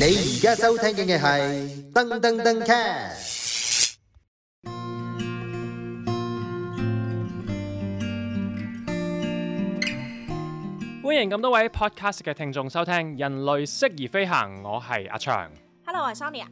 你而家收聽嘅係登登登 cast 歡迎咁多位 podcast 嘅聽眾收聽《人類適宜飛行》，我係阿祥。Hello，我係 Sonia。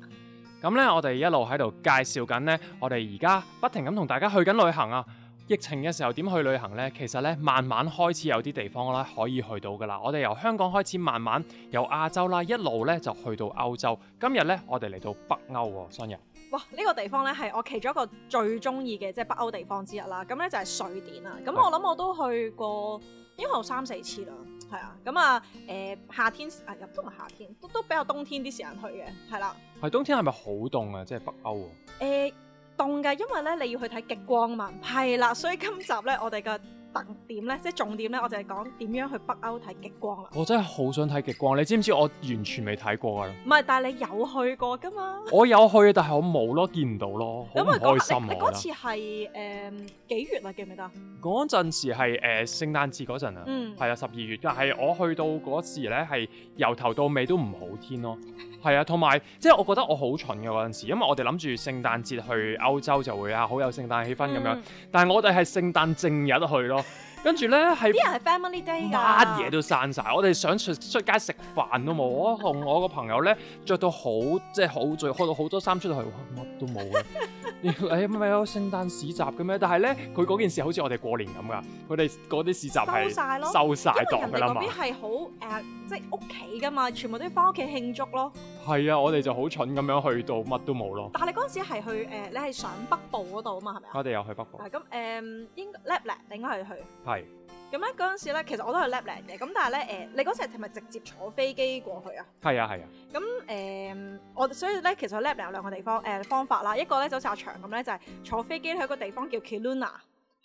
咁咧，我哋一路喺度介紹緊呢，我哋而家不停咁同大家去緊旅行啊！疫情嘅時候點去旅行呢？其實咧，慢慢開始有啲地方啦，可以去到㗎啦。我哋由香港開始，慢慢由亞洲啦，一路咧就去到歐洲。今日咧，我哋嚟到北歐喎、啊，雙人。哇！呢、這個地方咧係我其中一個最中意嘅即係北歐地方之一啦。咁咧就係瑞典啦。咁是我諗我都去過，應該有三四次啦。係啊。咁啊，誒、呃、夏天啊，入冬夏天都都比較冬天啲時間去嘅，係啦、啊。係冬天係咪好凍啊？即、就、係、是、北歐、啊。誒、欸。凍㗎，因為咧你要去睇極光嘛，係啦，所以今集咧我哋嘅。特點咧，即係重點咧，我就係講點樣去北歐睇極光啦。我真係好想睇極光，你知唔知我完全未睇過噶啦？唔係，但係你有去過噶嘛？我有去，但係我冇咯，見唔到咯，好唔 開心啊！嗰是次係誒、呃、幾月啊？記唔記得？嗰陣時係誒聖誕節嗰陣啊，係啊，十二月。但係我去到嗰時咧，係由頭到尾都唔好天咯。係啊，同埋即係我覺得我好蠢嘅嗰陣時，因為我哋諗住聖誕節去歐洲就會啊好有聖誕氣氛咁樣，嗯、但係我哋係聖誕正日去咯。跟住咧係啲人係 Family Day 㗎，乜嘢都散晒，我哋想出出街食飯都冇。我同我個朋友咧着到好即係好，醉，開到好多衫出到去，哇乜都冇啊！誒，唔係有聖誕市集嘅咩？但係咧佢嗰件事好似我哋過年咁㗎。佢哋嗰啲市集係收晒檔嘅喇嘛，因為人哋嗰邊係好誒。.即係屋企噶嘛，全部都要翻屋企慶祝咯。係啊，我哋就好蠢咁樣去到乜都冇咯。但係你嗰陣時係去誒、呃，你係上北部嗰度啊嘛，係咪啊？我哋又去北部。係咁誒，應 Lapland 應該係去。係是。咁咧嗰陣時咧，其實我都去 Lapland 嘅。咁但係咧誒，你嗰時係咪直接坐飛機過去啊？係啊，係啊。咁誒、啊嗯，我所以咧，其實 Lapland 有兩個地方誒、呃、方法啦，一個咧就好似阿祥咁咧，就係、就是、坐飛機去一個地方叫 Kiluna。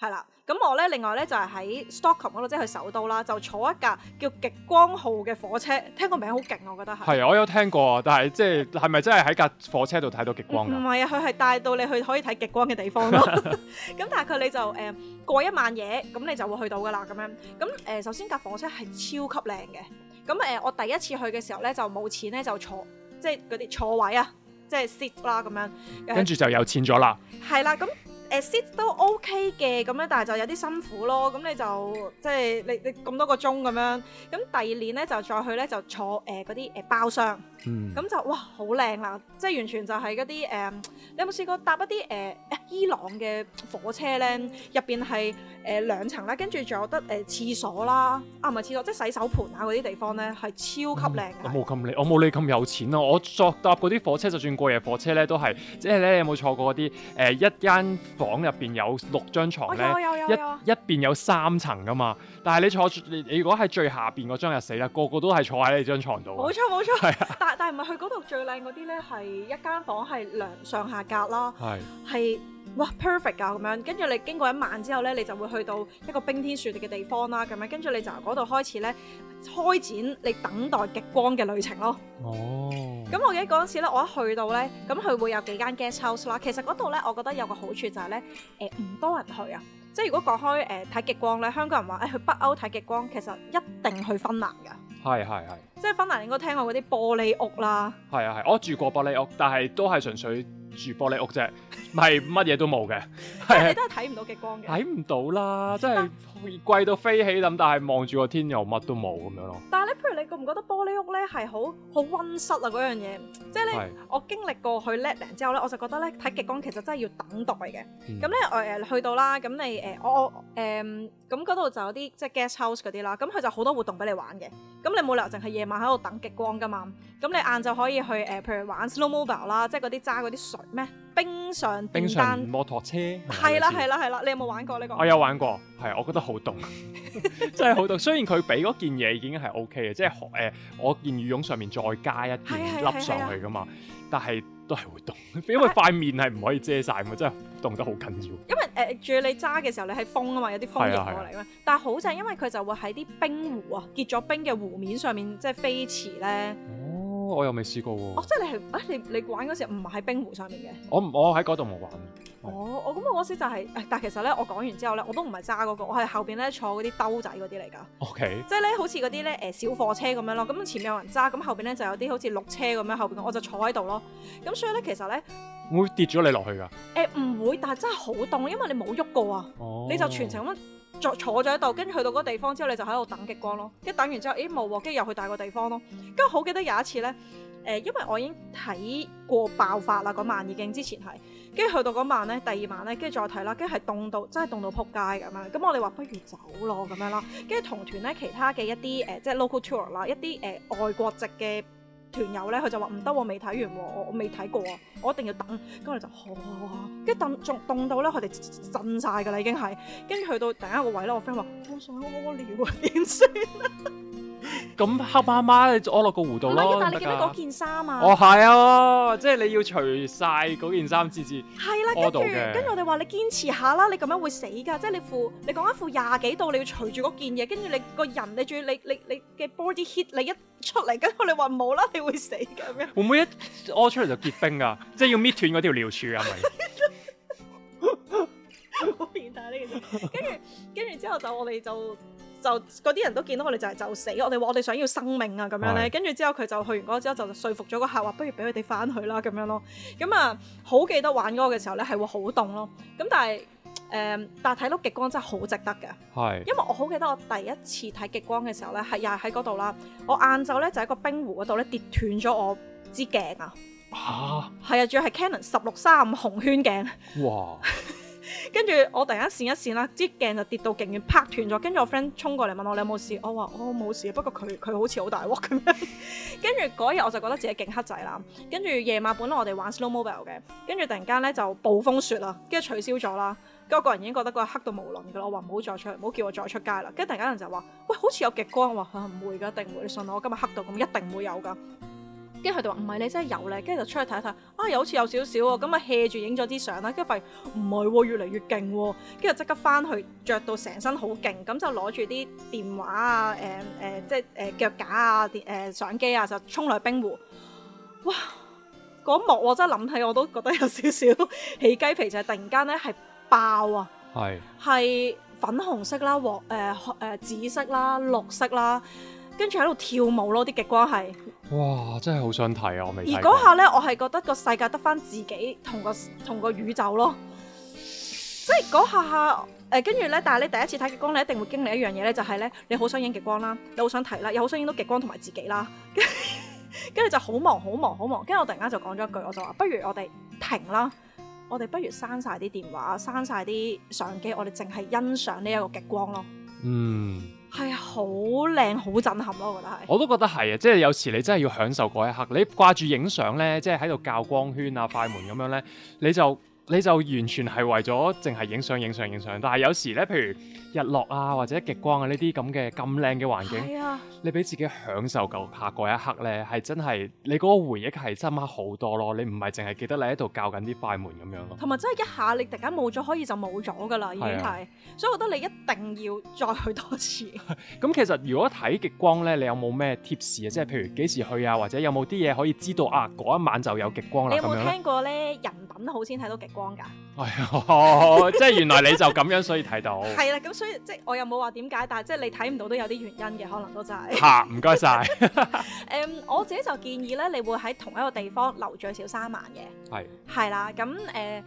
係啦，咁我咧另外咧就係喺 Stockholm 嗰度，即係去首都啦，就坐一架叫極光號嘅火車，聽個名好勁，我覺得係。係啊，我有聽過啊，但係即係係咪真係喺架火車度睇到極光？唔係啊，佢係帶到你去可以睇極光嘅地方咯。咁但係佢你就誒過一晚嘢，咁你就會去到噶啦，咁樣。咁誒，首先架火車係超級靚嘅。咁誒，我第一次去嘅時候咧就冇錢咧就坐，即係嗰啲坐位啊，即係 seat 啦咁樣。跟住就有錢咗 啦。係、嗯、啦，咁。誒 sit、呃、都 OK 嘅，咁咧但係就有啲辛苦咯，咁你就即係你你咁多個鐘咁樣，咁第二年咧就再去咧就坐嗰啲、呃呃、包廂。咁、嗯、就哇好靚啦，即係完全就係嗰啲誒，你有冇試過搭一啲誒、呃，伊朗嘅火車咧？入邊係誒兩層啦，跟住仲有得誒、呃、廁所啦，啊唔係廁所，即係洗手盆啊嗰啲地方咧，係超級靚嘅。我冇咁靚，我冇你咁有錢啊！我作搭嗰啲火車，就算過夜火車咧，都係，即係咧，你有冇坐過嗰啲誒一間房入邊有六張牀咧？有、有、有，一一邊有三層噶嘛。但係你坐住，你如果喺最下邊嗰張就死啦，個個都係坐喺你張床度。冇錯冇錯，錯 但但唔係去嗰度最靚嗰啲呢？係一間房係兩上下格啦，係是哇 perfect 啊咁樣。跟住你經過一晚之後呢，你就會去到一個冰天雪地嘅地方啦、啊、咁樣。跟住你就由嗰度開始呢，開展你等待極光嘅旅程咯。哦。咁我記得嗰陣時咧，我一去到呢，咁佢會有幾間 guest house 啦。其實嗰度呢，我覺得有個好處就係呢，誒、呃、唔多人去啊。即係如果講開誒睇極光咧，香港人話誒、哎、去北歐睇極光，其實一定去芬蘭㗎。係係係。即係芬蘭應該聽過嗰啲玻璃屋啦。係啊係，我住過玻璃屋，但係都係純粹住玻璃屋啫，唔係乜嘢都冇嘅。係你都係睇唔到極光嘅。睇唔到啦，即係。 貴到飛起咁，但係望住個天又乜都冇咁樣咯。但係咧，譬如你覺唔覺得玻璃屋咧係好好溫室啊嗰樣嘢？即係咧，是我經歷過去 l e t 之後咧，我就覺得咧睇極光其實真係要等待嘅。咁咧、嗯，我誒、呃、去到啦，咁你誒、呃、我我誒咁嗰度就有啲即係 Guest House 嗰啲啦，咁佢就好多活動俾你玩嘅。咁你冇理由淨係夜晚喺度等極光噶嘛？咁你晏晝可以去誒、呃，譬如玩 snowmobile 啦，即係嗰啲揸嗰啲水咩？冰上電單摩托車，係啦係啦係啦，你有冇玩過呢個？我有玩過，係我覺得好凍， 真係好凍。雖然佢俾嗰件嘢已經係 O K 嘅， 即係誒、呃，我件羽絨上面再加一件笠上去噶嘛，但係都係會凍，因為塊面係唔可以遮晒、呃、嘛，真係凍得好緊要。因為誒，住你揸嘅時候你係風啊嘛，有啲風嚟過嚟嘛，但係好正，因為佢就會喺啲冰湖啊，結咗冰嘅湖面上面，即、就、係、是、飛馳咧。嗯我又未試過喎。Oh，哦，即係你係誒你你玩嗰時唔係喺冰湖上面嘅？我唔我喺嗰度冇玩。哦，我咁我嗰時就係但係其實咧，我講完之後咧，我都唔係揸嗰個，我係後邊咧坐嗰啲兜仔嗰啲嚟㗎。OK，即係咧好似嗰啲咧誒小貨車咁樣咯。咁前面有人揸，咁後邊咧就有啲好似綠車咁樣。後邊我就坐喺度咯。咁所以咧其實咧，會跌咗你落去㗎？誒唔會，但係真係好凍，因為你冇喐過啊。Oh. 你就全程咁。坐咗喺度，跟住去到嗰個地方之後，你就喺度等極光咯。一等完之後，咦冇喎，跟住、啊、又去第二個地方咯。跟住好記得有一次呢，誒、呃，因為我已經睇過爆發啦，嗰晚已經之前係，跟住去到嗰晚呢，第二晚呢，跟住再睇啦，跟住係凍到真係凍到仆街咁樣。咁我哋話不如走咯咁樣啦，跟住同團呢，其他嘅一啲誒、呃，即係 local tour 啦，一啲誒外國籍嘅。團友咧，佢就話唔得，我未睇完喎、哦，我我未睇過，我一定要等。跟住就，跟、啊、住等，仲凍到咧，佢哋震晒㗎啦，已經係。跟住去到第一個位咧，我 friend 話：我想屙尿啊，點算啊？ 咁黑麻麻，你屙落個弧度咯。但係你記得嗰件衫啊。哦，係啊，即係你要除晒嗰件衫先至。係 啦，跟住，跟住我哋話你堅持下啦，你咁樣會死㗎。即係你負，你講一負廿幾度，你要除住嗰件嘢，跟住你個人，你仲要你你你嘅 body heat 你一出嚟，跟住你話冇啦，你會死咁樣。會唔會一屙出嚟就結冰㗎、啊？ 即係要搣斷嗰條尿柱、啊？係咪？好變態呢件事。跟住跟住之後就我哋就。就嗰啲人都見到我哋就係就死，我哋話我哋想要生命啊咁樣咧，跟住是之後佢就去完嗰之後就説服咗個客話，不如俾佢哋翻去啦咁樣咯。咁啊、嗯，好記得玩嗰個嘅時候咧，係會好凍咯。咁但係誒、嗯，但係睇到極光真係好值得嘅。係是，因為我好記得我第一次睇極光嘅時候咧，係又係喺嗰度啦。我晏晝咧就喺個冰湖嗰度咧跌斷咗我支鏡啊！嚇、嗯，係啊，仲要係 Canon 十六三五紅圈鏡。哇！ 跟住我突然間閃一閃啦，支鏡就跌到勁遠，拍斷咗。跟住我 friend 衝過嚟問我，你有冇事？我話我冇事，不過佢佢好似好大鑊咁樣。跟住嗰日我就覺得自己勁黑仔啦。跟住夜晚本來我哋玩 snowmobile 嘅，跟住突然間咧就暴風雪啦，跟住取消咗啦。我個人已經覺得個黑到無倫噶啦，我話唔好再出去，唔好叫我再出街啦。跟住突然間人就話喂，好似有極光。我話唔會噶，一定唔會。你信我，我今日黑到咁一定唔會有噶。跟住佢哋話唔係，你真係有咧。跟住就出去睇一睇啊，又好似有少少喎，咁咪 hea 住影咗啲相啦。跟住發現唔係喎，越嚟越勁喎，啊，跟住即刻翻去着到成身好勁，咁就攞住啲電話啊，誒、呃、誒、呃，即係誒、呃、腳架啊，電、呃、相機啊，就衝落去冰湖。哇！嗰幕我真係諗起我都覺得有少少起雞皮，就係、係、突然間咧係爆啊，係係粉紅色啦，黃誒、呃呃呃呃、紫色啦，綠色啦。跟住喺度跳舞咯，啲極光係。哇！真係好想睇啊，我未。而嗰下呢，我係覺得個世界得翻自己同個同個宇宙咯。即係嗰下，呃，跟住呢，但係你第一次睇極光，你一定會經歷一樣嘢呢，就係呢：你好想影極光啦，你好想睇啦，又好想影到極光同埋自己啦。跟住，跟住就好忙，好忙，好忙。跟住我突然間就講咗一句，我就話：不如我哋停啦，我哋不如刪晒啲電話，刪晒啲相機，我哋淨係欣賞呢一個極光咯。嗯。係，好靚，好震撼咯！我覺得係，我都覺得係啊！即係有時你真係要享受嗰一刻，你掛住影相咧，即係喺度校光圈啊、快門咁樣咧，你就。你就完全係為咗淨係影相影相影相，但係有時咧，譬如日落啊或者極光啊呢啲咁嘅咁靚嘅環境，啊、你俾自己享受夠下嗰一刻咧，係真係你嗰個回憶係深刻好多咯。你唔係淨係記得你喺度校緊啲快門咁樣咯。同埋真係一下你突然間冇咗，可以就冇咗噶啦，已經係，啊、所以我覺得你一定要再去多次。咁、 嗯、其實如果睇極光咧，你有冇咩貼士啊？即係譬如幾時去啊，或者有冇啲嘢可以知道、嗯、啊？嗰一晚就有極光。你有冇聽過咧？人品好先睇到極光噶、哎，哦，即係原來你就咁樣，所以睇到係啦 咁所以即係我又冇話點解，但係即係你睇唔到都有啲原因嘅，可能都真係。吓、啊，唔該晒。誒 ，um, 我自己就建議咧，你會喺同一個地方留最少三萬嘅。係是。係啦，咁誒、呃，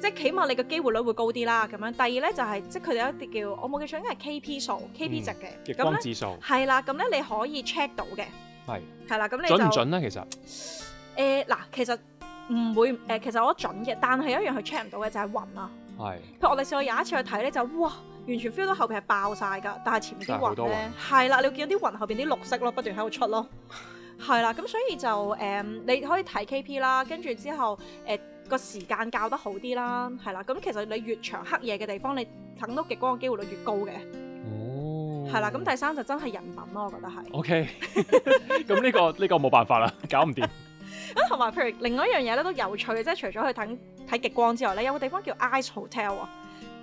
即係起碼你嘅機會率會高啲啦。咁樣，第二咧就係、是，即係佢哋有一啲叫，我冇記錯應該係 K P 數 K P 值嘅。極、嗯、光指數。係啦，咁咧你可以 check 到嘅。係是。係啦，咁你準唔準咧？其實，誒，嗱，其實。唔會誒，其實我都準嘅，但係一樣係 check 唔到嘅就係、是、雲啊。係是。譬如我哋試過有一次去睇咧，就哇，完全 feel 到後邊係爆晒噶，但係前邊啲雲咧係啦，你會見到啲雲後邊啲綠色咯，不斷喺度出咯。係啦，咁所以就誒、嗯，你可以睇 KP 啦，跟住之後誒個、呃、時間校得好啲啦，係啦，咁其實你越長黑夜嘅地方，你等到極光嘅機會率越高嘅。哦。係啦，咁第三就真係人品咯，我覺得係。O Okay . K、 這個。咁、這、呢個呢個冇辦法啦，搞唔掂。咁同埋，譬如另外一樣嘢咧都有趣嘅，即係除咗去睇睇極光之外咧，有個地方叫 Ice Hotel 啊。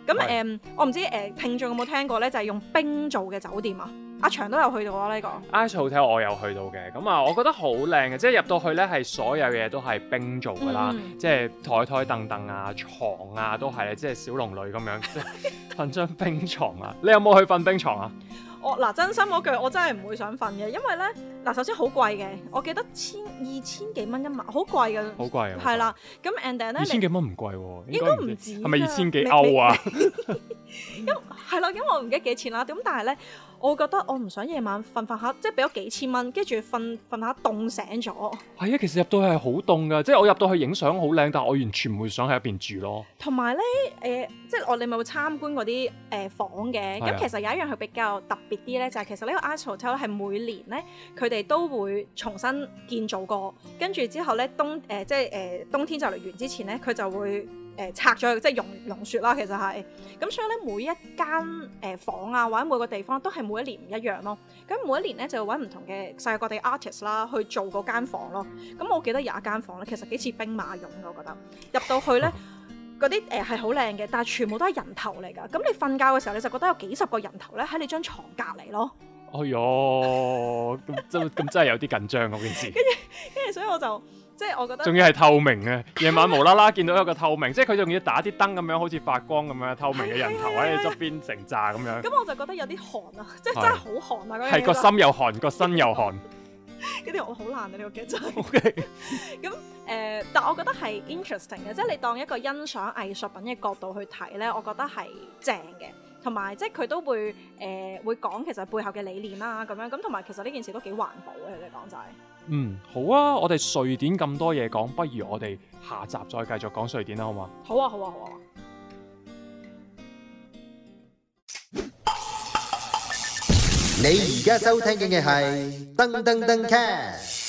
咁誒是、嗯，我唔知誒聽眾有冇聽過咧，就係、是、用冰做嘅酒店啊。阿祥都有去到啊，呢、這個 Ice Hotel 我有去到嘅。咁啊，我覺得好靚嘅，即係入到去咧，係所有嘢都係冰做噶啦，嗯、即係台台凳凳啊、床啊都係，即係小龍女咁樣，即係瞓張冰床啊。你有冇去瞓冰床啊？我嗱真心嗰句，我真係唔會想瞓嘅，因為咧嗱，首先好貴嘅，我記得千二千幾蚊一晚，好貴㗎，好貴，貴啊，係啦，咁 Andy 咧二千幾蚊唔貴喎，應該唔止，係咪二千幾歐啊？咁係咯，因為、 嗯、我唔記得幾錢啦，咁但係咧。我覺得我唔想夜晚瞓瞓下，即係俾咗幾千蚊，跟住瞓瞓下凍醒咗。係啊、哎，其實入到去係好凍㗎，即係我入到去影相好靚，但係我完全唔會想喺入邊住咯。同埋咧，誒、呃，即係我哋有冇參觀嗰啲誒房嘅？咁的其實有一樣係比較特別啲咧，就係、是、其實呢個 Ice Hotel 係每年咧，佢哋都會重新建造過，跟住之後咧冬誒、呃，即係誒、呃、冬天就嚟完之前咧，佢就會。誒拆咗即係融雪啦，其實係咁，所以咧每一間誒、呃、房啊，或者每個地方都係每一年唔一樣咯。咁每一年咧就揾唔同嘅世界各地 artist 啦去做嗰間房咯。咁、嗯嗯嗯、我記得有一間房咧，其實幾似兵馬俑，我覺得入到去咧嗰啲誒係好靚嘅，但係全部都係人頭嚟㗎。咁你瞓覺嘅時候你就覺得有幾十個人頭咧喺你張床隔離咯。哎呀，咁真咁真係有啲緊張嗰件事。跟住跟住，所以我就。即係我覺得，仲要係透明嘅，夜 晚無啦啦見到有個透明，即係佢仲要打啲燈咁樣，好似發光咁樣透明嘅人頭喺你側邊成炸咁樣。咁、 嗯、我就覺得有啲寒啊，即、就、係、是、真係好寒啊！係是個心又寒，個身又寒。嗰啲 我好難啊！呢個鏡仔。O Okay . K、 嗯。咁、呃、誒，但我覺得係 interesting 嘅，即、就、係、是、你當一個欣賞藝術品嘅角度去睇咧，我覺得係正嘅。同埋，即係佢都會誒、呃、會講其實背後嘅理念啦、啊，咁樣咁同埋，其實呢件事都幾環保嘅、啊。你講就係，嗯，好啊，我哋瑞典咁多嘢講，不如我哋下集再繼續講瑞典啦，好嘛？好啊，好啊，好啊！你而家收聽緊嘅係噔噔噔 cast